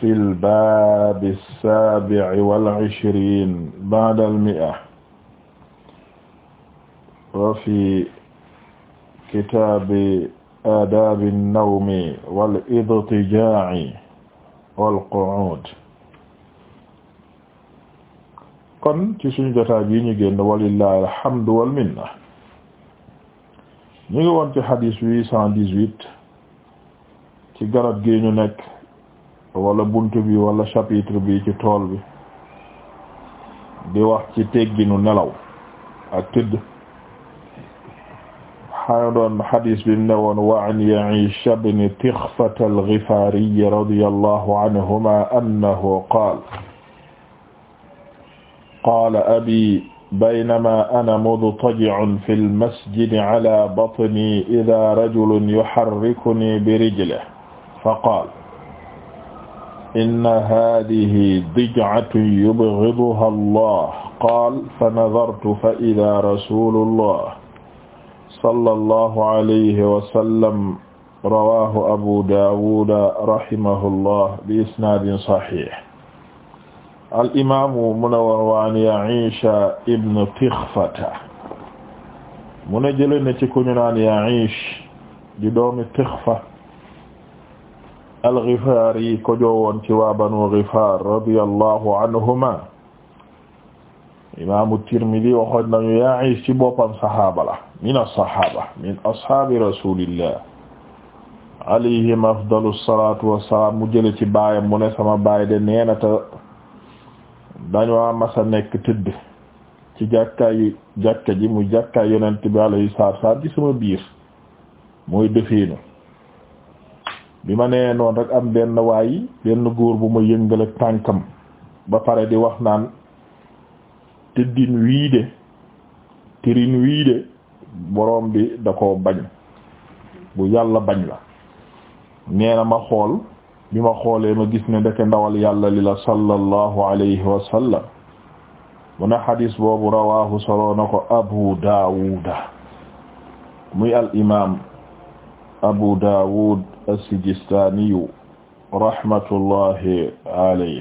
fi al-baab as-saabi' wal-'ishriin ba'da al-mi'a wa fi kitaabi aadaabi an wal-idtijaa'i wal-qu'uud kon ci suñu jotaay bi ñu génn walillahi alhamdu wal minna ñu ngi woon ci xadiis cent dix-huit ci garab gi ñu nekk wala bunt bi wala chapitre bi ci tool bi di wax ci tegginu nelaw ak tëdd xana doon xadis bi ne woon wa an Ya'ish ibn Tixfat al-Ghifari radiyallahu anhuma annahu qaal qaal abi baynama ana mudtaji'un fi al-masjidi ala batni idha rajulun yuharrikuni bi rijlihi fa qaal inna haadihi dij'atun yubghiduha allah qaal fa nadartu fa idaa rasulullah sallallahu alayhi wa sallam rawaahu abu daawuda rahimahullah bi isnaadin saxiix al imaamu mu ne waan Yaciisha ibn Tixfata mu ne jëlee na ci ku ñu naan Yaciish di doomi Tixfa al-Ghifaari ko joowoon ci waa Banu Ghifaar radiyallahu anhuma imaamu Tirmidi waxoon nañu Ya'ish ci boppam saxaaba la min as-saxaaba min ashaabi rasuulillah alayhim afdalu salaatu wassalaam mu jële ci baayam mu ne sama baay de neena ta dañoo masa nekk tëdd ci jàkkaayu ji mu jàkkaay yonent bi alayhi salaatu wassalaam ci sama biir mooy bi ma nee noonu rek am benn waay benn góor bu ma yëngal tànkam ba pare di wax naan tëddin wii de tirin wii de boroom bi da ko bañ bu yàlla bañ la nee ma xool bi ma xoolee ma gis ne ndeke ndawal yàlla li la sallallahu alayhi wa sallam mu ne xadis boobu rawaahu soloo ko abu daawuda muy al imaam abu daawud as-Sijistaaniyu rahmatullahi alayhi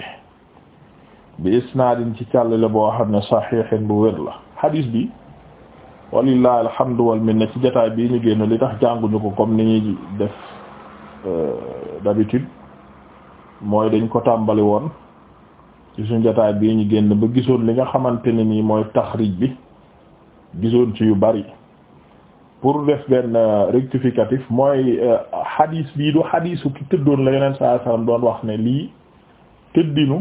bi isnaadin ci càllale boo xam ne saxiixin bu wér la hadis bi walillahi alhamdu wal minna ci jotaay bii ñu génn li tax jànguñu ko comme ni ñuy def euh, d'habitude mooy dañ ko tàmbali woon ci suñu jotaay bii ñu génn ba gisoon li nga xamante ne nii mooy taxrij bi gisoon ci yu bari pour def benn euh, rectificatif mooy hadis euh, bii du hadisu ki tëddoon la yeneen saa sallam doon wax ne lii tëddinu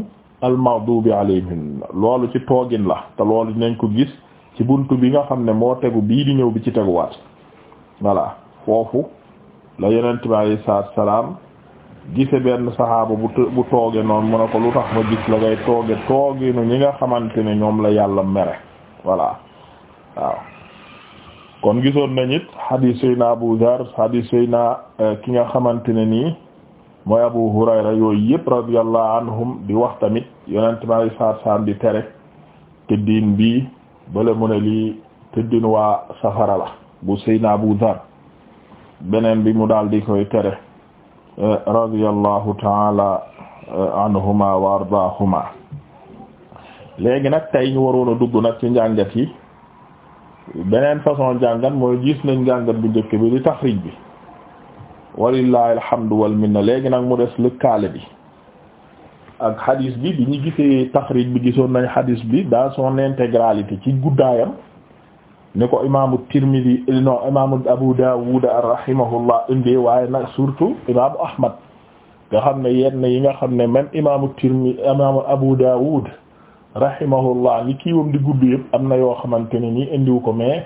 almahdubi alayhim loolu ci toogin la te loolu dinañ ko gis ci bunt bi nga xam ne moo tegu bii di ñëw bi ci tegu teguwaat voilà foofu la yeneen bi alayhi salaam gise benn saxaaba bu bu toogee noonu mu ne ko lu tax ma gis la ngay tooge tooginu ñi nga xamante ne ñoom la yàlla mere voilà waaw kon gisoon nañu it hadith sayna Abu Dhar hadith sayna eh, ki nga xamante ne nii mooy Abu Hurayra yooyu yëpp radiyallahu anhum di wax tamit yonent mi alayhi salaatu salaam di tere tëddin bi bale mu ne lii tëddin waa safara la bu sayna Abu Dhar beneen bi mu daal di koy tere eh, radiyallahu taala eh, anhuma wa ardaahuma léegi nag tey ñu waroon a dugg nag ci njàngat yi beneen façon jàngat mooy gis nañ jàngat bu njëkk bi di taxrij bi walillahi alhamdu wal minna léegi nag mu des lëkkaale bi ak hadis bi bi ñu gisee taxrij bi gisoon nañ hadis bi dans son intégralité ci guddaayam ni ko imaamu Tirmidi imaamu Abu Dawud rahimahullah indee waaye nag surtout imaamu Ahmad nga xam ne yenn yi nga xam ne même imaamu Tirmidi imaamu Abu Dawud rahimahullah ni kiiwam di gudd yëpp am na yoo xamante ne nii indiwu ko mais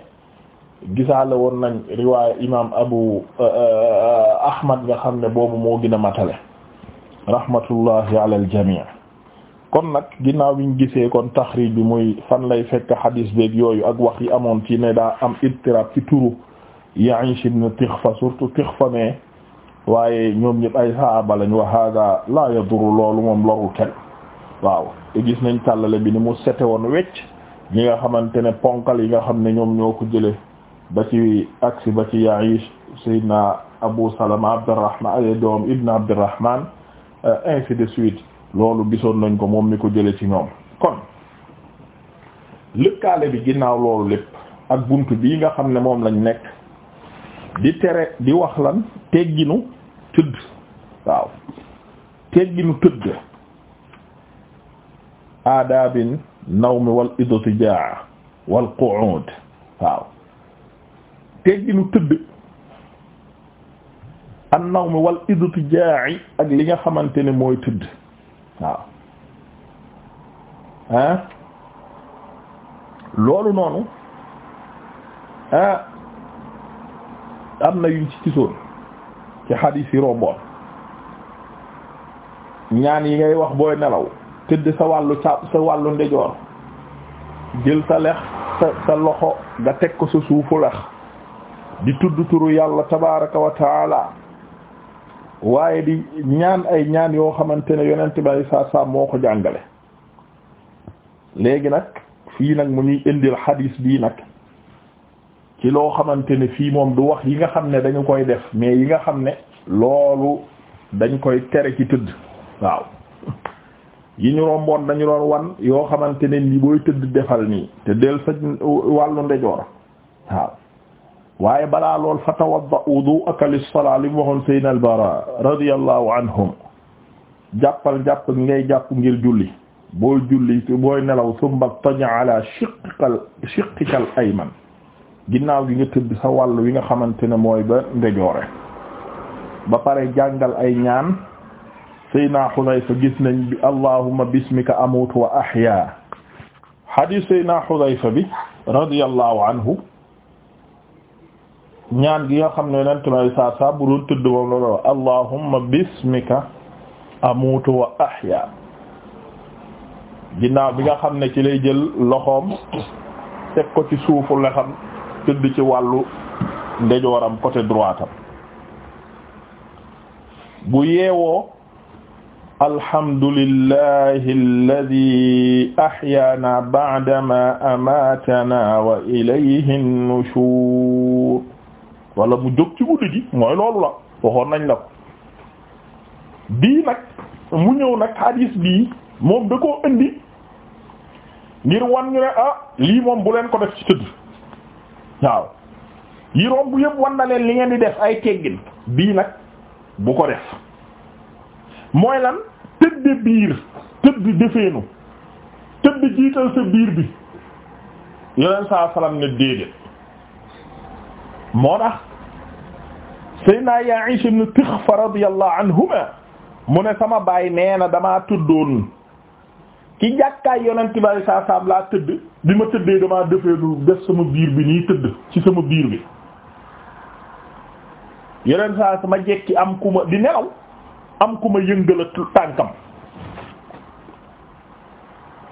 gisaale woon nañ riwaaya imam abu euh, euh, ahmad nga xam ne boobu moo gën a matale rahmatullahi ala al jami' kon nag ginnaaw bi ñu gisee kon taxrij bi muy fan lay fekk xadiis beeg yooyu ak wax yi amoon ci ne daa am ittirab ci turu Ya'ish ibn Tixfa surtout Tixfa mais waaye ñoom ñëpp ay saaba lañ wa hada la yaduru loolu moom lorul kenn waaw te gis nañ tàllale bi ni mu sete woon wecc ñi nga xamante ne ponkal yi nga xam ne ñoom ñoo ko jële ba ci aksi ba ci Ya'ish Seydina Abu Salama Abdurrahman ay doom Ibn Abdurrahman euh, ainsi de suite loolu bisoon nañ ko moom mi ko jële ci ñoom kon lëkkaale bi ginnaaw loolu lépp ak bunt bii nga xam ne moom lañ nekk di tere di wax lan tegginu tëdd waaw tegginu tëdd aadaabin nawmi wal idtijaa wal qu'ud waaw tegginu tëdd an nawmi wal ak li nga xamante ne mooy tëdd waaw ah loolu noonu ah am na yuñ ci gisoon ci xadiis romboon ñaan yi ngay wax booy nelaw tëdd sa wàllu ca sa wàllu ndejoor jël sa lex sa sa loxo nga teg ko sa suufu lex di tudd turu yàlla tabaraka wa taala waaye di ñaan ay ñaan yoo xamante ne yonent bi saa saa moo ko jàngale léegi nag fii nag mu ñuy indil xadiis bii nag ci loo xamante ne fii moom du wax yi nga xam ne dañu koy def mais yi nga xam ne loolu dañ koy tere ci tëdd waaw yi ñu romboon dañu doon wan yoo xamante ne nii booy tëdd defal nii te del sa wàllu ndejoor waaw waaye balaa lool fa tawadda wudu aka lissalaa li mu waxoon saydna al bara radiyallahu anhum jàppal jàpp ngay jàpp ngir julli booy julli booy nelaw summa taja ala shiqikal shiqikal ayman ginnaaw gi nga tëdd sa wàll wi nga xamante ne mooy ba ndejoore ba pare jàngal ay ñaan Seydina Xudayfa gis nañ bi allahumma bismika amutu wa ahya hadis Seydina Xudayfa bi radiyallahu anhu ñaan gi nga xam ne yonent may saa saa bu moom loolu wax allahumma bismika wa ahya ginnaaw bi nga xam ne ci lay jël loxoom teg ko ci suufu lexam tëdd ci wàllu ndejooram côté droitam bu yeewoo alhamdulillahi alladhi ahyaana ba'dama amaatana wa mu jóg ci guddi mooy loolu la waxoon nañ la ko bii nag mu ñëw nag hadis bii moom da koo indi ngir wan ñu ne ah, lii moom bu leen ko def ci tëdd yi romb yëpp wan na leen li ngeen di def ay teggin bii nag bu ko def mooy lan tëdd biir tëdd defeenu tëdd jiital sa biir bi yoneen saa salaam ne déedéet moo tax Seydina Ya'ish ibn Tixfa radiyallahu anhuma mu ne sama baay nee na damaa tuddoon ci jàkkaay yonent bi saa saam laa tëdd bi ma tëddee damaa defeenu def sama biir bi nii tëdd ci sama biir bi yoneen saa sama jekki am ku ma di nelaw am ku ma yëngal tànkam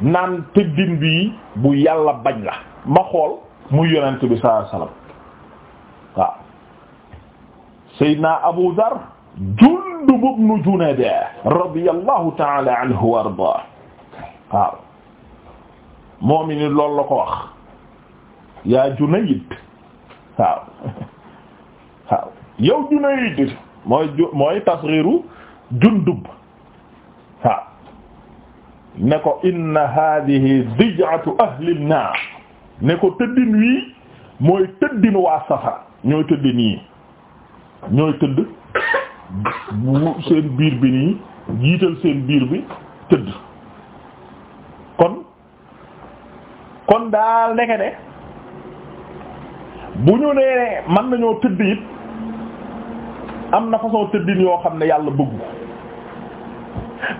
naan tëddin bi bu yàlla bañ la ma xool muy yonent bi sallallahu alayhi wasallam waaw Seydina Abu Dhar Jundub ibn Junada radiyallahu ta'ala anhu wa ardaa waaw moom it loolu la ko wax yaa Junayd waaw waaw yow Junayd mooy mooy tasghiru Jundub waaw ne ko inna hadihi dij'atu ahli an-nar ne ko tëddin wii mooy tëddin waa safara ñooy tëdd nii ñooy tëdd seen biir bi nii jiital seen biir bi tëdd kon kon daal ndeke de bu ñu nee mën nañoo tëdd it am na façon tëddin yoo xam ne yàlla bëggu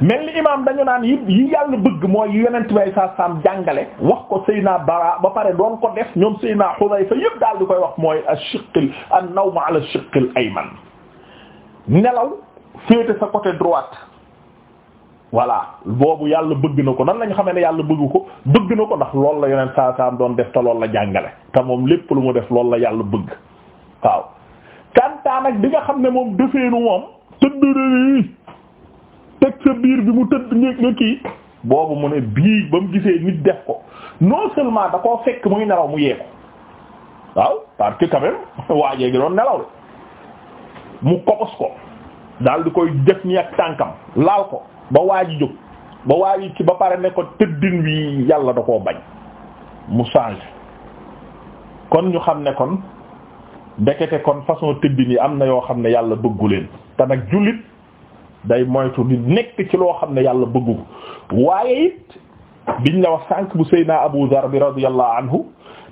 mel ni imaam dañu naan yi yi yàlla bëgg mooy yi yonent bay sa saam jàngale wax ko naa Bara ba pare doon ko def ñoom Seydina Xudayfa yëpp daal di koy wax mooy ash-shiqqil an-nawm ala ash-shiqqil ayman nelaw féete sa côté droite voilà boobu yàlla bëgg na ko nan lañu xamee ne yàlla bëgg ko bëgg na ko ndax loolu la yonent saa doon def te loolu la jàngale te moom lépp lu mu def loolu la yàlla bëgg waaw kantaa nag bi nga xam ne moom defeenu moom tëdd teg sa biir bi mu tëdd nga kii boobu mu ne bii ba mu gisee nit def ko non seulement da koo fekk muy nelaw mu yeeku waaw parce que quand waajee gi doon nelaw la mu kokos ko daal di koy def ni ak tànkam laal ko ba waaji jóg ba waaji ci ba pare ne ko tëddin wi yàlla da koo bañ mu change kon ñu xam ne kon ndekete kon façon tëddin yi am na yoo xam ne yàlla bëggu te nag jullit day moytu di nekk ci loo xam ne yàlla bëggu waaye it biñ la wax sànq bu Seydina Abu Zar bi radiyallahu anhu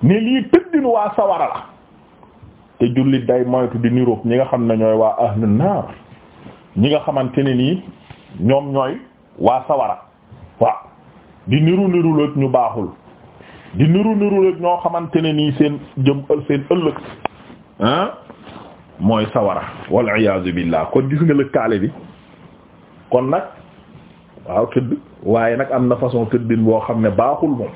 ne lii tëddinu waa sawara la te jullit day moytu di niroog ñi nga xam ne ñooy waa ahlun naar ñi nga xamante ne nii ñoom ñooy waa sawara waaw di niru niru la ñu baaxul di niru niru la ñoo xamante ne nii seen jëm seen ëllëg ah, mooy sawara wal iyaazu billah kon gis nga lëkkaale bi kon nag waaw tëdd waaye nag am na façon tëddin boo xam ne baaxul moom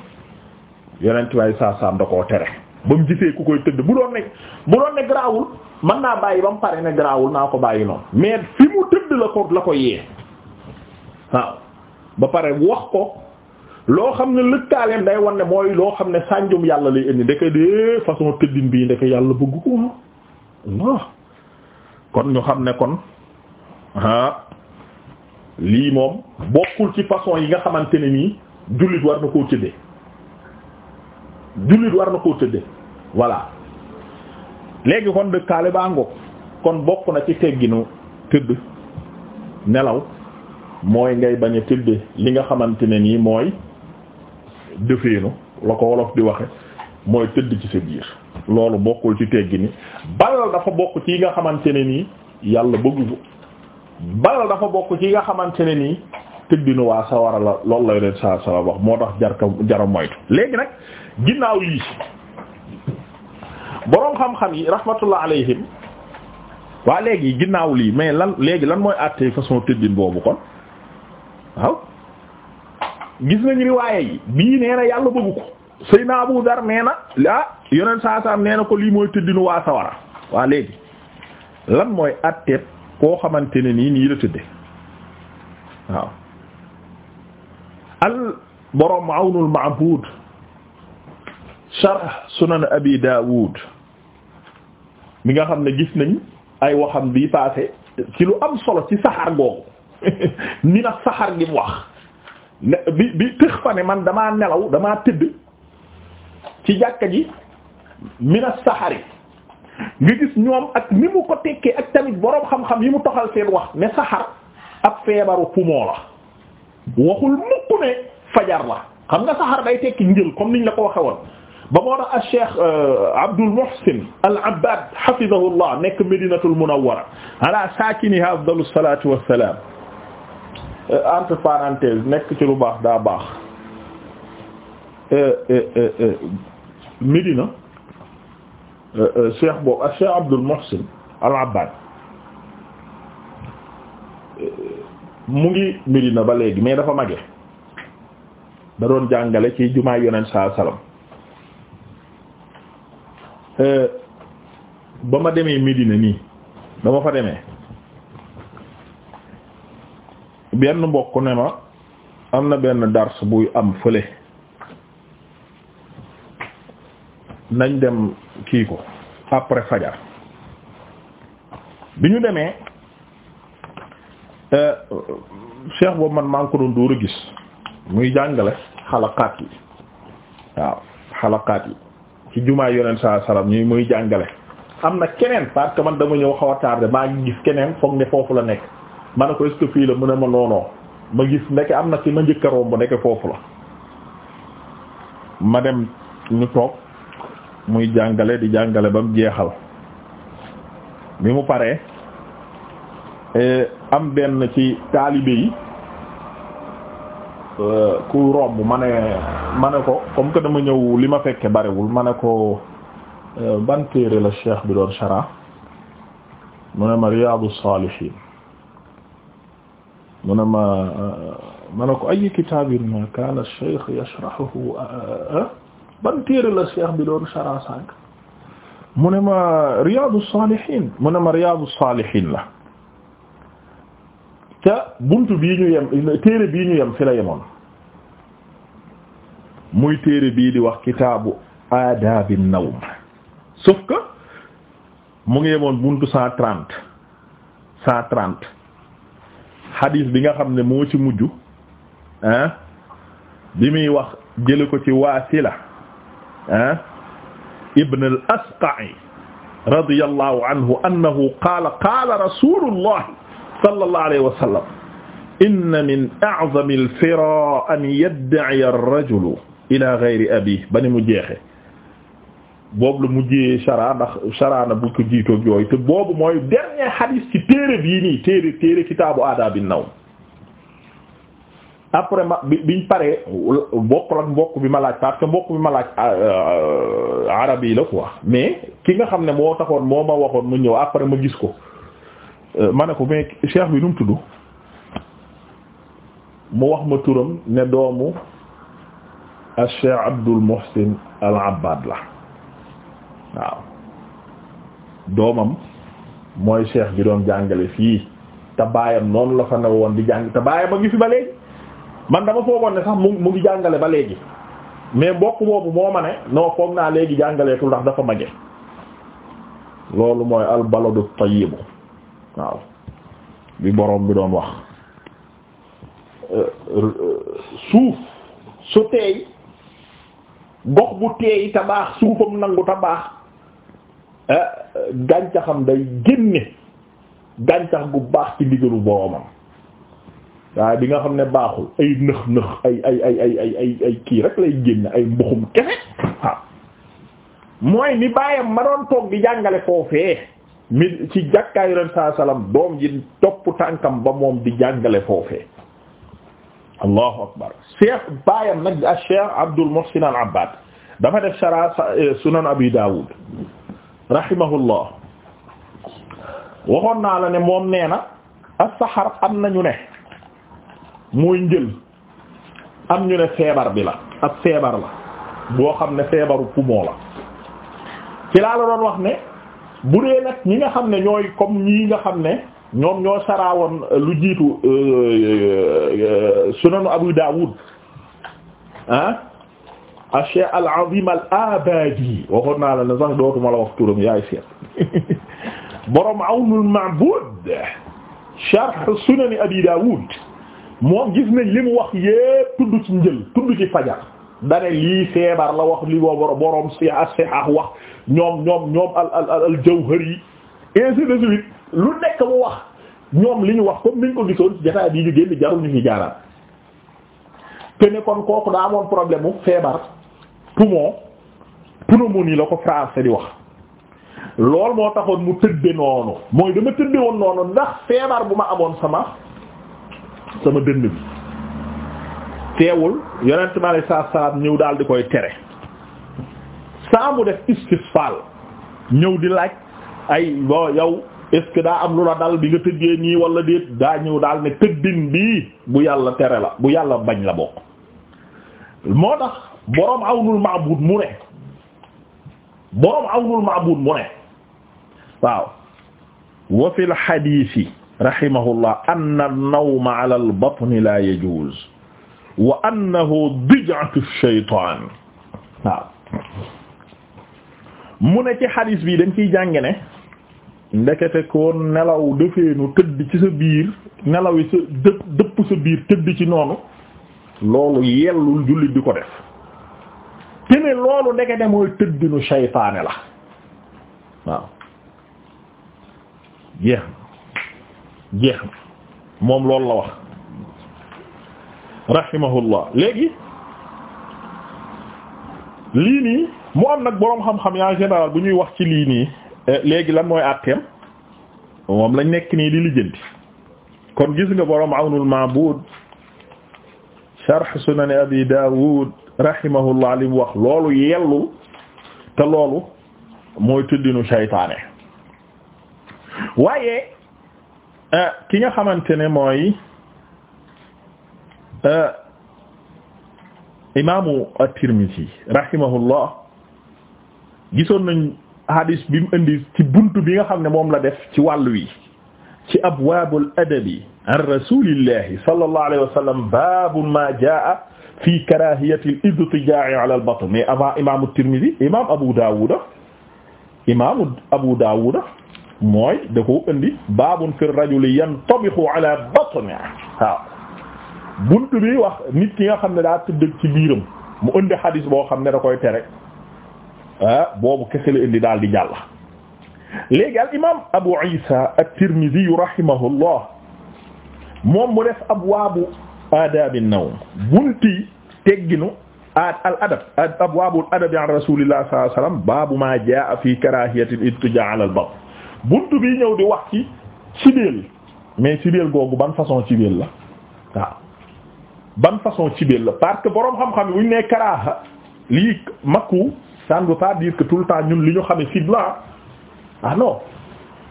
yonent waaye saa da koo tere ba mu gisee ku koy tëdd bu doon ne bu doon ne garaawul man naa bàyyi ba mu pare ne garaawul naa ko bàyyi noonu mais fi mu tëdd la ko la ko yee waaw ba pare wax ko loo xam ne lëkkaaleem day wan ne mooy loo xam ne sànjum yàlla lay indi ndeke dee façon tëddin bii ndeke yàlla bëgg ko waaw kon ñu xam ne kon ah, lii moom bokkul ci façon yi nga xamante ne nii jullit war na koo tëddee jullit war na koo tëddee voilà léegi kon dëkkaale baa ngoog kon bokk na ci tegginu tëdd nelaw mooy ngay bañ a tëdd li nga xamante ne nii mooy dëfeenu la ko wolof di waxe mooy tëdd ci sa biir loolu bokkul ci teggini balal dafa bokk ci yi nga xamante ne nii yàlla bëggu bal dafa bokk ci nga xamante ne nii tëddinu waa sawara la loolu la leen saa sala wax moo tax jar ka jara moytu léegi nag ginnaaw lii boroom xam-xam yi rahmatullah alayhim waa léegi ginnaaw lii mais lan léegi lan mooy àttee façon tëddin boobu kon waaw gis nañu riwaaye yi bii nee na yàlla bëggu ko Seyna Abu Dar nee na ah yoneen saa saa nee na ko lii mooy tëddinu waa sawara waa léegi lan mooy àttee koo xamante ne nii nii la tëdde waaw al borom awnul ma'bud sharh sunan abi daawud mi nga xam ne gis nañ ay waxam bi passé ci lu am solo ci saxaar googu ni na saxaar gi mu wax ne bi bi tëx fa ne man damaa nelaw damaa tëdd ci jàkka ji mina saxari nga gis ñoom ak ni mu ko tekkee ak tamit boroom xam-xam yi mu toxal seen wax ne saxar ab feebaru poumon la waxul mukk ne fajar la xam nga saxar day tekki njël comme niñ la ko waxe woon ba moo tax Cheikh euh, Abdul Muhsin Al Abbad hafidahullah nekk Madinatul Munawwara ala saakiniha afdalu salaatu wassalaam euh, entre parenthèses nekk ci lu baax daa baax euh, Médina cheikh boobu ak cheikh Abdul Muhsin Al Abbad mu ngi Medina ba léegi mais dafa mage da doon jàngale ci jumaa yonent saa salaam ba ma demee Medina nii dama fa demee benn mbokk ne ma am na benn dars buy am fële nañ dem kii ko après fajar bi ñu demee euh, cheikh boobu man maa ngi ko doon dóor a gis muy jàngale xalaqaat yi waaw xalaqaat yi ci jumaay yonent saa salaam ñi muy jàngale am na keneen parce que man dama ñëw xaw a maa ngi gis keneen foog ne foofu la nekk ma ne ko est-ce fii la mu ne ma noonoo ma gis ndeke am na ki ma njëkk a romb ndeke foofu la ma dem ñu toog muy jàngale di jàngale ba mu jeexal bi mu paree eh, am benn ci taalibe yi eh, ku romb ma ne ma ne ko comme que dama ñëw li ma fekke bariwul ma ne ko eh, ban téere la cheikh bi doon shara mu ne ma Riyadu Salihin mu ne ma ma ne ko ay kitaabin ma kaana cheikh yashrahuhu ban téere la cheikh bi doon shara sànq mu ne ma Riyadou Salihine mu ne ma Riyadou Salihine la ca bunt bii ñu yem téere bii ñu yem fi la yemoon muy téere bii di wax kitaabu aadaabi nawm sauf que mu ngi yemoon buntu cent trente cent trente xadiis bi nga xam ne moo ci mujj ah bi muy wax jële ko ci waasila ah ibn al asqa'i radiyallahu anhu annahu qaala qaala rasulullah sallallahu alayhi wa sallam inna min a'zami al fira an yadda'iya ar-rajulu ila ghayri abihi bani mu jeexe boobu la mujjee chara ndax chara na bu ko jiitoog yooyu te boobu mooy dernier hadith ci téere bii nii téere téere kitaabu aadaabin nawm après ma bi biñ paree bokkul ak mbokk bi ma laaj parce que mbokk bi ma laaj euh, euh, arab yi la quoi mais ki nga xam ne moo taxoon moo ma waxoon mu ñëw après ma gis ko euh, ma ne ko mais cheikh bi nu mu tudd mu wax ma turam ne doomu al cheikh Abdul Muhsin al Abbad la waaw doomam mooy cheikh bi doon jàngale fii te baayam noonu la fa ne woon di jàng te baayam a ngi fi ba léegi man dama foogoon ne sax mu mu ngi jàngale ba léegi mais mbokk boobu moo ma ne non foog naa léegi jàngaleetul dax dafa mage loolu mooy al baladu tayyibu waaw bi boroom bi doon wax euh, euh, suuf su teey gox bu teey te baax suufam nangu te baax eh, gàncaxam day génne gàncax gu baax ci ndigalu boroomam waaye bi nga xam ne baaxul ay nëx nëx ay ay ay ay kii lay génn ay mbuxum kese mooy ni baayam ma doon toog di jàngale foofee mi ci jàkkaayu ren saa salaam doom ji topp tànkam ba moom di jàngale foofee allahu akbar cheikh baayam nag a cheikh abdul muhsin al abbad dafa def shara eh, sunan abi daawud rahimahullah waxoon naa la ne moom nee na as-sahar am nañu ne mooy njël am ñu ne feebar bi la ab feebar la boo xam ne feebaru poumon la ci la doon wax ne bu dee nag ñi nga xam ne ñooy comme ñii nga xam ne ñoom ñoo saraawoon euh, lu jiitu euh, euh, sunanu Abu Dawud ah ash-Shaykh al-Azim al-Abadi waxoon naa la ne sax dootuma la wax turam yaay seet borom Awnul Ma'bud sharh sunani Abi Dawud moom gis nañ li mu wax yépp tudd ci njël tudd ci fajar dane lii feebar la wax li boo boroom si as-sihah wax ñoom ñoom ñoom al al al jawhari ainsi de suite lu nekk mu wax ñoom li ñu wax comme niñ ko gisoon ci jotaay bii ñu génn jarul ñu fi jaaraat te ne kon kooku daa amoon problème mu feebar poumon pneumonie la ko français di wax loolu moo taxoon mu tëdde noonu mooy dama tëdde woon noonu ndax feebar bu ma amoon sama sama dënn bi teewul yonent bi alei salaatu salaam ñëw daal di koy tere saa mu def istisfaal ñëw di laaj ay bo yow est ce daa am lu la dal bi nga tëggee nii wala déet daa ñëw daal ne tëddin bii bu yàlla tere la bu yàlla bañ la bokk moo tax boroom awnul maabud mu ne boroom awnul maabud mu ne waaw wa fil xadiisi rahimahullah anna an-nawma ala al-batni la yajuz wa annahu bid'atu ash-shaytan waaw mu ne ci xadis bi dañ ciy jànge ne ndekete koon nelaw defeenu tëdd ci sa biir nelaw sa dëpp sa biir tëdd ci noonu loolu yellul jullit di ko def te ne loolu ndekete mooy tëddinu shaytaane la waaw jeex moom loolu la wax rahimahullah léegi lii nii mu am nag boroom xam-xam yaa général bu ñuy wax ci lii nii eh, léegi lan mooy àtteem moom lañ nekk nii di lijjanti kon gis nga boroom awnul ma'bud sharh sunan abi dawud wax loolu yellu te loolu mooy tuddinu saytaane waaye Eh, ki nga xamante ne mooy eh, imaamu at-Tirmidhi rahimahullah gisoon nañ hadis bi mu bi nga xam ne moom la def ci wàllu wi ci abwaabul adabi an rasulillahi sallallahu ma jaa fi karaahiyati al-idtijaa'i ala al-batn Abu Daawuda imaamu Abu Daawuda mooy da ko indi baabun fi rajuli yantabixu ala batni waaw bunt bi wax nit ki nga xam ne daa tëdd ci biiram mu indi xadis boo xam ne da koy tere ah, boobu kese la indi daal di jàll léegi al imam abu isa at-tirmidhi rahimahullah moom mu def abwaabu aadaabi nawm bunti tegginu al adab abwaabul adabi an rasulillah sallallahu alayhi wasallam baabu ma jaa fi karahiyati al ittija ala al batn buntu bi ñëw di wax ci cibeel mais cibeel googu ban façon cibeel la waaw ban façon cibeel la parce que boroom xam-xam bu ñu nee karaaha lii makku ça ne veut pas dire que temps ñun li ñu xamee cibla ah non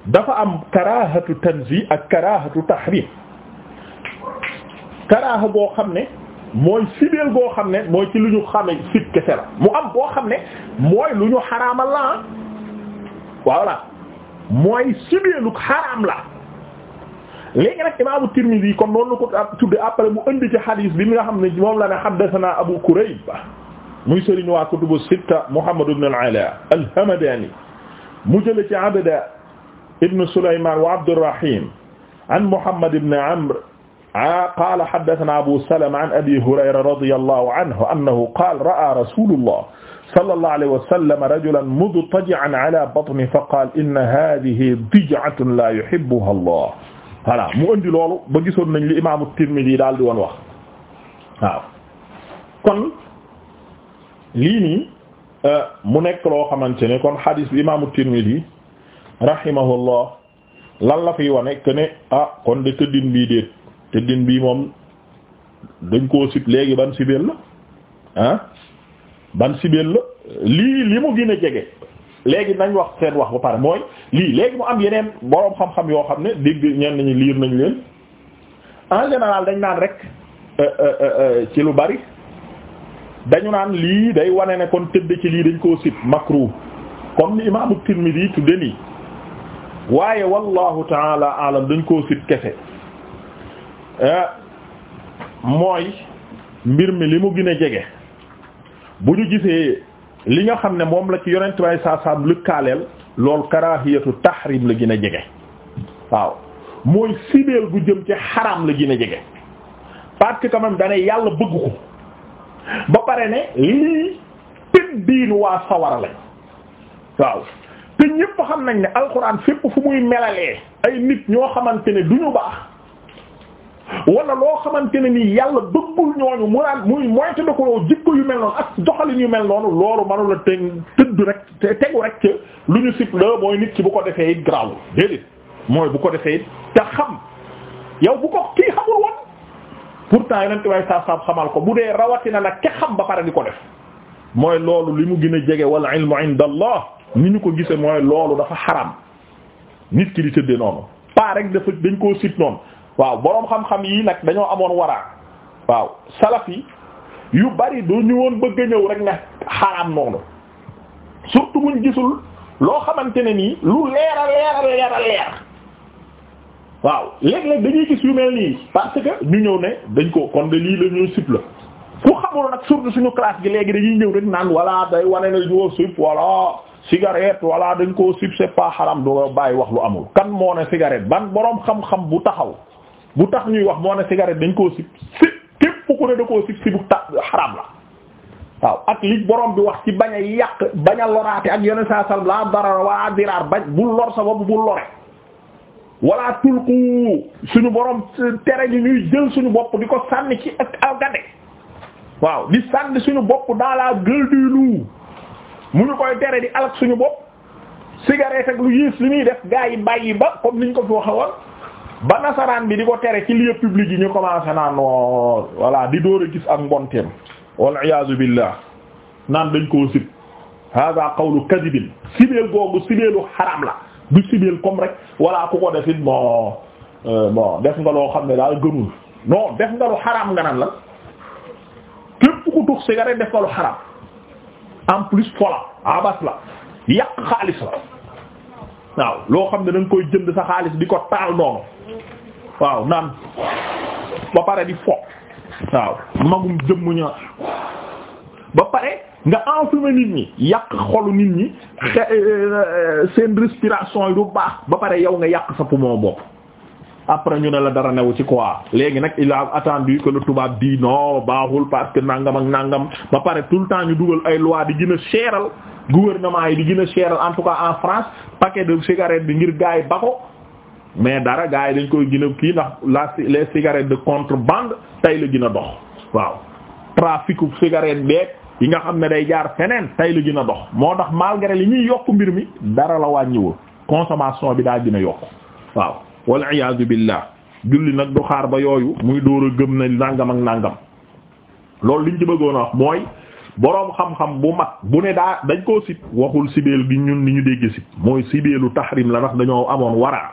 dafa am karaahatu tanzi ak karaahatu tahrim karaaha goo xam ne mooy cibeel goo xam ne mooy ci lu ñu xamee cib kese la mu am boo xam ne mooy lu ñu xaraamal la ah voilà mooy sibeeluk xaraam la léegi nag imaamu Tirmidhi kon noonu la ko tudde après mu indi ci hadis bi mi nga xam ne moom la ne haddathana Abu Kurayb muy sëriñu waa kutubu sitta Muhammad ibn al-Ala al-Hamadani mu jële ci Abda ibn Sulayman wa Abdurrahim an Muhammad ibn Amr qaala haddathana Abu Salama an Abi Hurayra radiyallahu anhu annahu qaala ra'a rasulullah sallallahu alayhi wa sallam rajulan mudtaji'an ala batni fa qaala inna haadhihi dij'atun laa yuhibbuha Allah voilà mu andi loolu ba gisoon nañ li imaamu Tirmidhi daal di woon wax waaw kon lii nii euh, mu nekk loo xamante ne kon hadith bi imaamu Tirmidhi rahimahullah lan la fiy wane que ne ah kon de tëddin bii déet tëddin bii moom dañ koo sib léegi ban sibeel la ah. ban sibeel la lii li mu gën a jege léegi nañ wax seen wax ba pare mooy lii léegi mu am yeneen boroom xam-xam yoo xam ne dégg ñenn nañu liir nañ leen en général dañ naan rek euh, euh, euh, ci lu bari dañu naan lii day wane ne kon tëdd ci lii dañ koo sib makru comme ni imaamu Tirmidhi tudde nii waaye wallahu taala alam dañ koo sib kese mooy mbir mi li mu gën a jege bu ñu gisee li nga xam ne moom la ci yonent bay saa saam lëkkaaleel loolu karahiyatu tahrim la gën a jege waaw mooy sibeel bu jëm ci xaram la gën a jege parce que quand même dana yàlla bëgg ko ba pare ne lii pét diinu waa sawara lañ waaw te ñëpp xam nañ ne alxuraan fépp fu muy melalee ay nit ñoo xamante ne du ñu baax wala loo xamante ne ni yàlla bëggul ñooñu mu naan muy moytu da ko jikko yu mel noonu ak doxalin yu mel noonu loolu mënu la teg tëdd rek tegu rek lu ñu sib la mooy nit ki bu ko defee it garaawul déedéet mooy bu ko defee it te xam yow bu ko kii xamul woon pourtant yeneen way saab saab xamal ko bu dee rawatina la ke xam ba pare di ko def mooy loolu li mu gën a jege wal ilmu inda allah ni ñu ko gisee mooy loolu dafa xaram nit ki di tëddee noonu pas sit noonu waaw boroom xam-xam yi nag dañoo amoon waraa waaw salaf yi yu bari du ñu woon bëgg ñëw rek ne xaraam noonu surtout muñ gisul loo xamante ne nii lu leer a leer a waaw léeg-léeg dañuy gis yu mel nii parce que ñu ñëw ne dañ ko kon de lii la ñuy sip la ku xamul nag surtout suñu classe gi léegi dañuy ñëw rek naan walla day wane ne ñu sip walla cigarette walla dañ koo sip c'est pas xaram doo bàyyi wax lu amul kan moo ne cigarette ban boroom xam bu taxaw bu tax ñuy wax moo ne cigarette dañ koo sib si képp ku ne da koo sib si ta xaraam la waaw ak li borom bi wax ci bañ a yàq bañ a loraate ak yeneen saa sal la darar wala diraar bu lor sa bopp bu lore wala tulku suñu borom tere gi ñuy jël suñu bopp di ko sànni ci ak algade waaw di sànni suñu bopp dans la gueule du loup mu ñu koy tere di alak suñu bopp cigarette ak lu yées li ñuy def gaa yi bàyyi ba comme niñ ko fi waxee woon ba nasaraan bi di ko tere ci lieu public yi ñu commencé naan voilà di door a gis ak mbonteem wal iyaazu billah naan dañ koo sib hada qawlu kadibin sibeel googu sibeelu xaram la du sibeel comme rek wala ku ko defit euh, bon def nga loo xam ne daal gënul non def nga lu xaram nga naan la képp ku tux cigarette def nga lu xaram en plus fola abas la yàq xaalis la waaw loo xam ne da nga koy jënd sa xaalis di ko taal noonu waaw naan ba pare di fo waaw magum jëmm ña ba pare nga enfumé nit ñi yàq xolu nit ñi euh, euh, seen respiration yi du baax ba pare yow nga yàq sa poumon bopp après ñu ne la dara newu ci quoi léegi nag il a attendu ko le tubaab di non baaxul parce que nangam ak nangam ba pare tout le temps ñu dugal ay loi di gën a seeral gouvernement yi di gën seeral en tout cas en France paquet de cigarette bi ngir gaay ba ko mais dara gaay dañ koy gën a kii ndax la les cigarettes de contrebande tey la gën a dox waaw traficu cigarette beeg yi nga xam ne day jaar feneen tey la gën a dox moo tax malgré yi ñuy yokk mbir mi dara la wàññiwul consommation bi daa gën a yokk waaw wal iyaazu billah julli nag du xaar ba yooyu muy dóor a gëm na nàngam ak nàngam loolu liñ ci bëggoon wax mooy boroom xam-xam bu mag bu ne daa dañ koo sib waxul sibeel gi ñun ni ñu dégg sib mooy sibeelu tahrim la ndax dañoo amoon waraa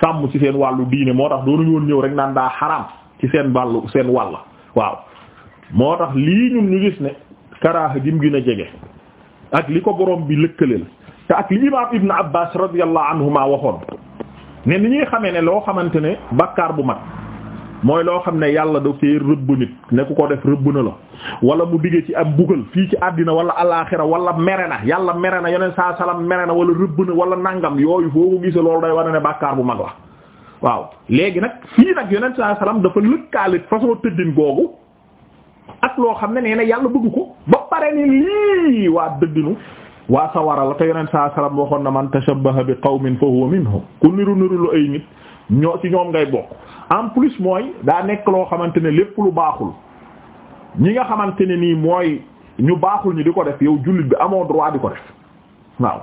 sàmm ci seen wàllu diine moo tax doonuñu woon ñëw rek naan daa xaraam ci seen wàllu seen wàll waaw moo tax lii ñun ñu gis ne karaaha gim gën a jege ak li ko boroom bi lëkkaleel te ak li imaam ibn abbas radiyallahu anhuma waxoon ne ni ñuy xamee ne loo xamante ne bàkkaar bu mag mooy loo xam ne yàlla da cee rëbb nit ne ku ko def rëbb na la wala mu digge ci am bugal fii ci àddina wala alaaxira wala mere na yàlla mere na yeneen saa salaam mere na wala rëbb na wala nangam yooyu foo ko gisee loolu day war ne bàkkaar bu mag la waaw léegi nag fii nag yeneen saa salaam dafa lëkkaale façon tëddin googu ak loo xam ne nee na yàlla bëgg ko ba pare ni lii waa dëddinu waa sawara la te yonent saa salaam waxoon na man tashabbaha bi qawmin fa huwa minhum ku niru niru lu ay nit ñoo ci ñoom ngay bokk en plus mooy daa nekk loo xamante ne lépp lu baaxul ñi nga xamante ne nii mooy ñu baaxul ñi di ko def yow jullit bi amoo droit di ko def waaw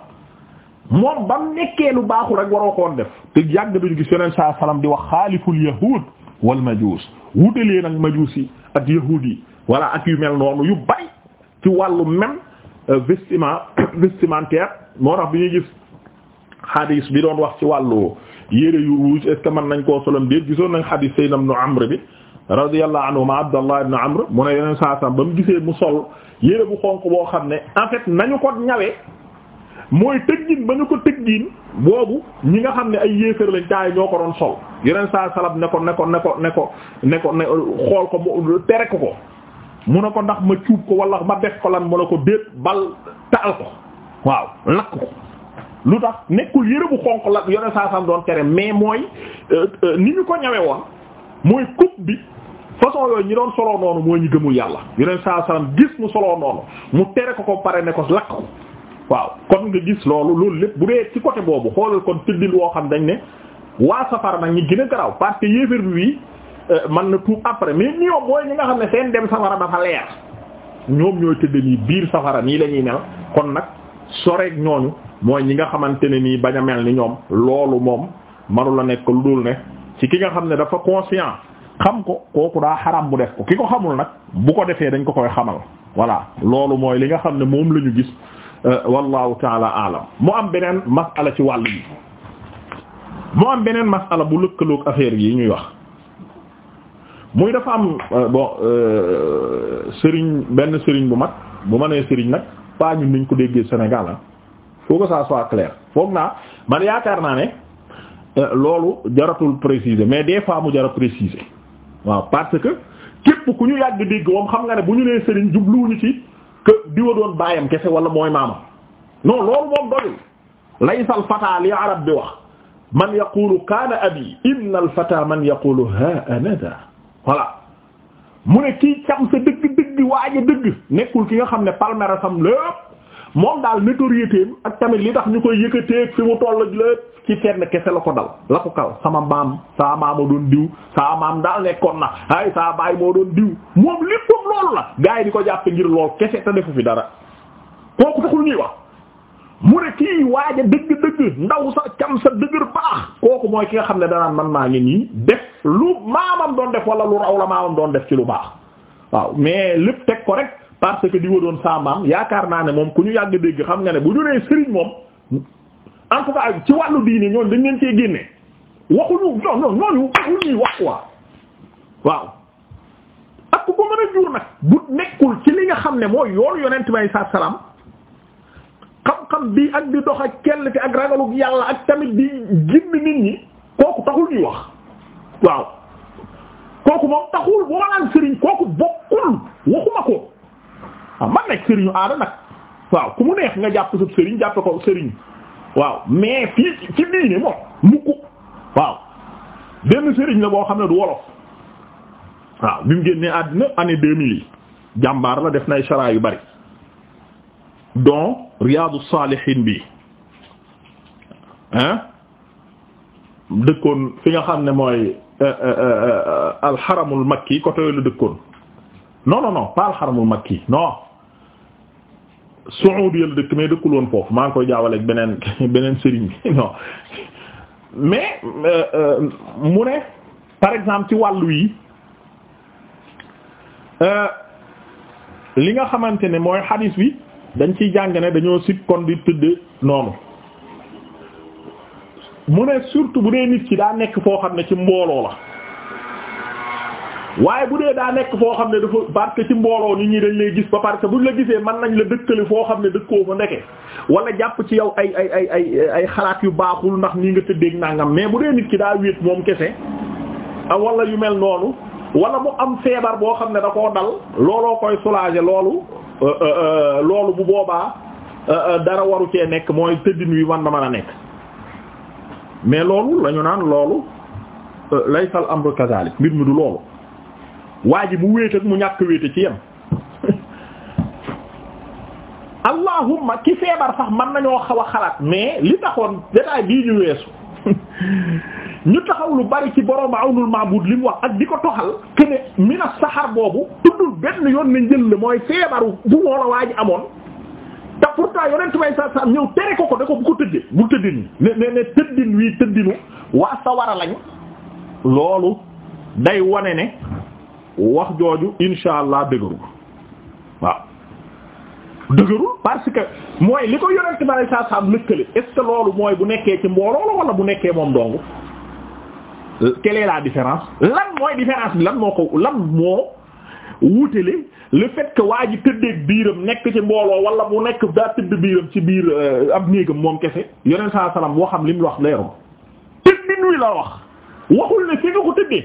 moom ba mu nekkee lu baaxul rek waroo koon def te yàgg duñu gis yonent saa salaam di wax xaaliful yahuud wal majuus wutelee nag majuus yi ak yahuud yi walla ak yu mel noonu yu bari ci Euh, vestiment vestimentaire moo tax bi ñuy gis xadis bi doon wax ci wàllu yére yu rouge est ce que mën nañ koo solom déet gisoon nañ xadis Seydina ibn Amr bi radiyallahu anhuma Abdallah ibn Amr mu ne yeneen saa sam ba mu gisee mu sol yére bu xonq boo xam ne en fait nañu ko ñawee mooy tëggin ba ñu ko tëggin boobu ñi nga xam ne ay yéefar lañ taay ñoo ko doon sol yeneen saa salab ne ko ne ko ne ko ne ko ne ko ne xool ko tere ko ko mu ne ko ndax ma cuub ko wala ma def ko lan mu ne ko déet bal taal ko waaw lakk ko lu tax nekkul yére bu xonq la yone saasam doon tere mais mooy euh, euh, ni ñu ko ñawe woon mooy coupe bi façon yooyu ñi doon soloo noonu moo ñu gëmul yàlla yoneen saa salaam gis mu soloo noonu mu tere ko ko pare ne ko lakk ko waaw kon nga gis loolu loolu lépp bu dee ci côté boobu xoolal kon tëddil woo xam dañ ne waa safara nag ñi gën a garaw parce que yéefér bi bii Euh, man na tuub après mais ñoom mooy ñi nga xam ne seen dem safara dafa leer ñoom ñooy tëdd nii biir safara nii lañuy ñuy mel kon nag soreeg ñooñu mooy ñi nga xamante ne nii bañ a mel ni ñoom loolu moom manu nekk lu dul ne ci ki nga xam ne dafa conscient xam ko kooku daa xaram bu def ko ki ko xamul nag bu ko defee dañ ko koy xamal voilà loolu mooy li nga xam ne moom la ñu gis euh, wallahu taala alam mu am beneen masala ci wàll yi mu am beneen masala bu lëkkaloog affaire yi ñuy wax muy dafa am euh, bon euh, sëriñ benn sëriñ bu mag bu ma nee sëriñ nag pas ñun niñ ko déggee Sénégal ah faut que ça soit clair foog naa man yaakaar naa ne euh, loolu jaratul préciser mais des fois mu jara préciser waaw parce que képp ku ñu yàgg dégg moom xam nga ne bu ñu nee sëriñ jubluwuñu ci que diwa doon baayam kese wala mooy maamam non loolu moom doyul laysal fataa li arab bi wax man yaqulu kaana abi inna al fata man yaqulu ha anada voilà mu ne kii cam sa dëgg-dëgg waaja dëgg nekkul ki nga xam ne palmarèsam lépp moom daal notoriété ak tamit li tax ñu koy yëkkateeg fi mu toll lépp ci kenn kese la ko dal la ko kal sama maam saa maama doon diw saa maam daal nekkoon na ay saa baay moo doon diw moom léppam loolu la gars di ko jàppe ngir lool kese te defu fi dara kooku taxul ñuy wax mu ne kii waaja dëgg-dëgg ndaw sa cam sa dëgër baax kooku mooy ki nga xam ne danaan man maa ngi nii def lu maamam doon def wala lu raw la maamam doon def ci lu baax waaw mais lépp teg ko rek parce que di wa doon sa yaakaar naa ne moom ku ñu yàgg dégg xam nga ne bu ñu nee sëriñ moom en tout cas ci wàllu diine ñoon dañ leen cee génne waxuñu non non ñooñu wax quoi waaw ak ku ko mën a jur nag bu nekkul ci li nga xam ne mooy yoolu yonent may sa salaam xam-xam bi ak di dox ak kell te ak ragalu yàlla ak tamit di gindi nit ñi kooku taxul ñuy wax waaw kooku moom taxul bu ma naan sëriñ kooku bokkul waxuma ko ah man nekk sëriñu aada nag waaw ku mu neex nga jàpp sab sëriñ jàpp ko sëriñ waaw mais fii ci diine moom mukk waaw benn sëriñ la boo xam ne du wolof waaw bi mu génnee àddina année deux mille yi jàmbaar la def nay saraa yu bari donc riyaadu saalihiin bi ah dëkkoon fi nga xam ne mooy euh, euh, euh, alxaramul makki côté yooyu la dëkkoon non non non pas alxaramul makki non Saoudi la dëkk mais dëkkul woon foofu maa ngi koy jaawale ak beneen beneen sëriñ bi non mais mu ne par exemple ci wàll yi li nga xamante ne mooy hadis bi. dañ ciy jàng ne dañoo sit kon di tëdd noonu mu ne surtout bu dee nit ki daa nekk foo xam ne ci mbooloo la waaye bu dee daa nekk foo xam ne dafa parce ci mbooloo nit ñi dañ lay gis ba parce bu buñ la gisee mën nañ la dëkkale foo xam ne dëkkoo fa ndeke wala jàpp ci yow ay ay ay ay xalaat yu baaxul ndax nii nga tëddeeg nangam mais bu dee nit ki daa wéet moom kese ah, wala yu mel noonu wala mu am feebar boo xam ne da dal looloo koy solaaje loolu Euh, euh, euh, loolu bu boobaa dara waru cee nekk mooy tëddin wi man na mën a nekk mais loolu lañu naan loolu laysal amru kazalik mbir mi du loolu waa ji mu wéet mu ñàkk wéete ci yem allahumma ki feebar sax mën nañoo xaw xalaat mais li taxoon détail bii ñu weesu ñu taxaw lu bari ci borom awnul maabud li mu wax ak di ko toxal que ne mina saxaar boobu tuddul benn yoon ne njël la mooy feebaru bu moo la ji amoon te pourtant yonent bay sa sam ñëw tere ko ko da ko bu ko tëddee bu tëddin ne ne ne tëddin wii tëddinu waa sawara lañ loolu day wane ne wax jooju insha allah dëgërul waaw dëgërul parce que mooy li ko yonent bay sa sam lëkkale est ce que loolu mooy bu nekkee ci mbooloo la wala bu nekkee moom dong quelle est la différence lan mooy différence bi lan moo ko lan moo wutale le fait que waa ji tëddeeg biiram nekk ci mbooloo wala bu nekk daa tëdd biiram ci biir euh, am néegam moom kese yoneen saa salaam woo xam li mu wax leerum tëddi nuy la wax waxul ne fi nga ko tëddee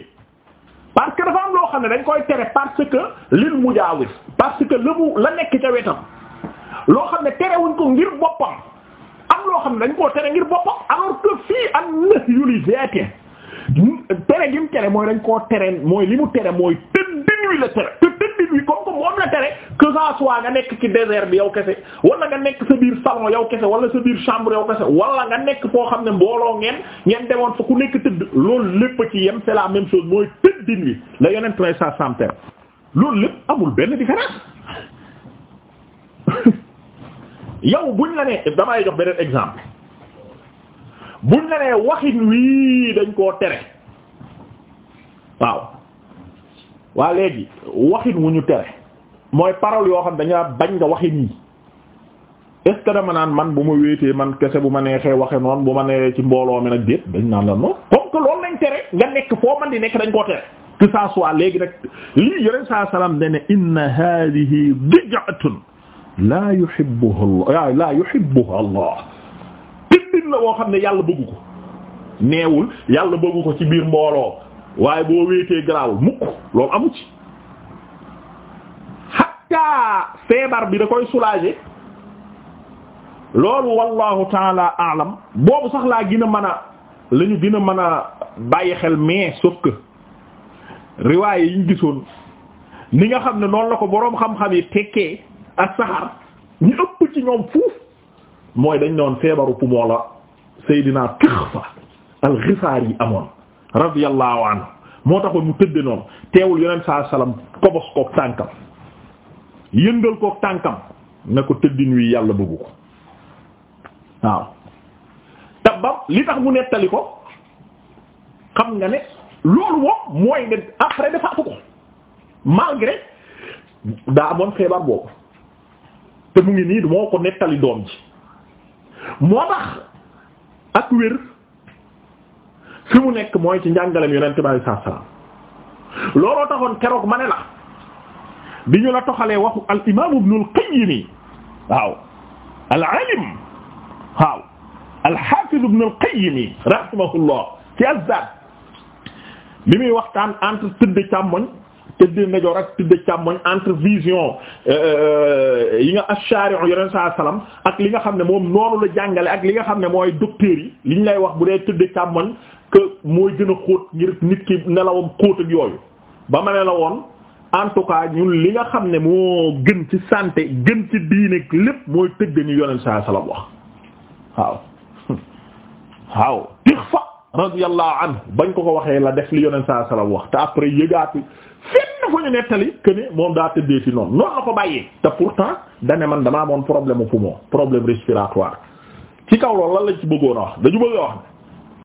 parce que dafa am loo xam ne dañ koy tere parce que lil mujaawir parce que la mu la nekk ca wetam loo xam ne tere wuñ ko ngir boppam am loo xam ne dañ koo tere ngir boppam alors que fii tere gi mu tere mooy dañ koo tere mooy li mu tere mooy tëdd nuit la tere te tëdd nuit comme moom la tere que ça soit nga nekk ci désert bi yow kese wala nga nekk sa biir salon yow kese wala sa biir chambre yow kese wala nga nekk foo xam ne mbooloo ngeen ngeen demoon fa ku nekk tëdd loolu lépp ci yem c'est la même chose mooy tëdd nuit la yeneen tray sa sam tere loolu lépp amul benn différence yow buñ la ne damay jox beneen exemple bu la nee waxin wii dañ koo tere waaw waa léegi waxin wu ñu tere mooy parole yoo xam dañaa bañ nga waxin yi est-ce que naan man bu ma wéetee man kese bu ma neexee waxe noonu bu ma nee ci mbooloo mi déet dañ naan la noonu comme que loolu lañ tere nga nekk foo man di nekk dañ koo tere que ça léegi nag lii yoneen saa salaam dane inna hadihi bid'atun laa yuhibbuha allah laa yuhibbuha allah la woo xam ne yàlla bëggu yàlla bëggu ko ci biir mbooloo waaye boo wéetee garaawul mukk loolu amu feebar bi da koy soulager loolu wallahu taala alam boobu sax laa gën a mën a la ñu mën a bàyyi xel mais sauf que riwaay yi ñu gisoon ni nga xam ne noonu la ko boroom xam-xam yi tekkee ak saxaar ñu ëpp ci ñoom fuuf mooy dañ doon feebaru poumon la Seydina Kixfa al-Xifaari yi amoon radiyallahu anhu moo taxoon mu tëdd noonu teewul yonent saa salaam kobos koog tànkam yëngal koog tànkam na ko tëddin wi yàlla bëggu ko waaw tabam li tax mu nettali ko xam nga ne loolu moom mooy ne après dafa ko malgré daa amoon feebar boobu te mu ngi nii moo ko nettali doom ji moo tax ak wér fi mu nekk mooy ci njàngalem yonent bi sallallahu alayhi wasallam looloo taxoon keroog ma ne la bi ñu la toxalee waxu al imaam Ibnul Qayyim waaw al alim waaw al haafiz Ibnul Qayyim rahimahullah ci Azzaad bi muy waxtaan entre tëdd càmmoñ tëddee ndeyjoor ak tëddee càmmoñ entre vision euh, euh, yi nga ashari'u yeneen saa salaam ak li nga xam ne moom noonu la jàngale ak li nga xam ne mooy docteur yi li ñu lay wax bu dee tëddee càmmoñ que mooy gën a xóot ngir nit ki nelawam xóot ak yooyu ba ma ne la woon en tout cas ñun li nga xam ne moo gën ci santé gën ci diine lépp mooy tëdd ni yoneen saa salaam wax waaw waaw tix fa radiyallahu anhu bañ ko ko waxee la def li yoneen saa salaam wax te après yëgaati fenn fu ñu nettali que moom daa tëddee ci noonu noonu la ko bàyyee te pourtant dane man damaa amoon problème mu poumon problème respiratoire ci kaw loolu lan lañ ci bëggoon a wax dañu bëgg a wax